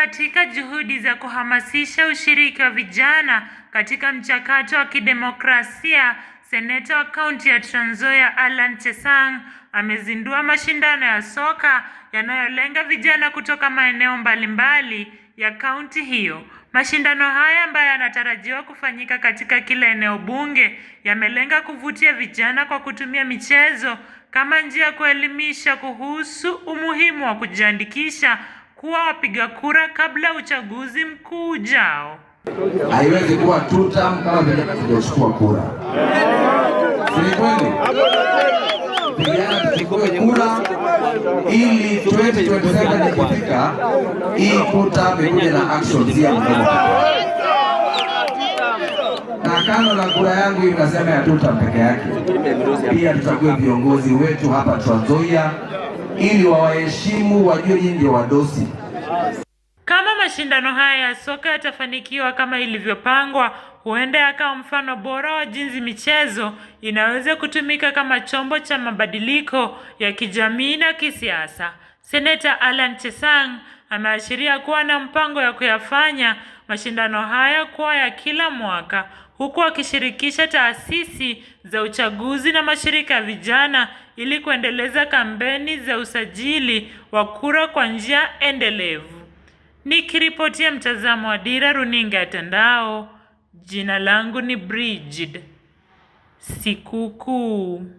katika juhudi za kuhamasisha ushiriki wa vijana katika mchakato wa kidemokrasia, seneta wa kaunti ya Trans Nzoia Allan Chesang amezindua mashindano ya soka yanayolenga vijana kutoka maeneo mbalimbali ya kaunti hiyo. Mashindano haya ambayo yanatarajiwa kufanyika katika kila eneo bunge yamelenga kuvutia vijana kwa kutumia michezo kama njia ya kuelimisha kuhusu umuhimu wa kujiandikisha kuwa wapiga kura kabla uchaguzi mkuu ujao. Haiwezi kuwa tuta kama vile hatujachukua kura, si kweli? Vijana tuchukue kura ili 2027 ikifika, hii tutam ikuja na actions ya na kano na kura yangu inasema ya tuta peke yake, pia tuchague viongozi wetu hapa Trans Nzoia ili wawaheshimu, wajue nyinyi ndio wadosi. Kama mashindano haya ya soka yatafanikiwa kama ilivyopangwa, huenda yakawa mfano bora wa jinsi michezo inaweza kutumika kama chombo cha mabadiliko ya kijamii na kisiasa. Seneta Alan Chesang ameashiria kuwa na mpango ya kuyafanya mashindano haya kuwa ya kila mwaka huku akishirikisha taasisi za uchaguzi na mashirika ya vijana ili kuendeleza kampeni za usajili wa kura kwa njia endelevu. Nikiripotia mtazamo wa Dira Runinga ya Tandao, jina langu ni Brigid Sikukuu.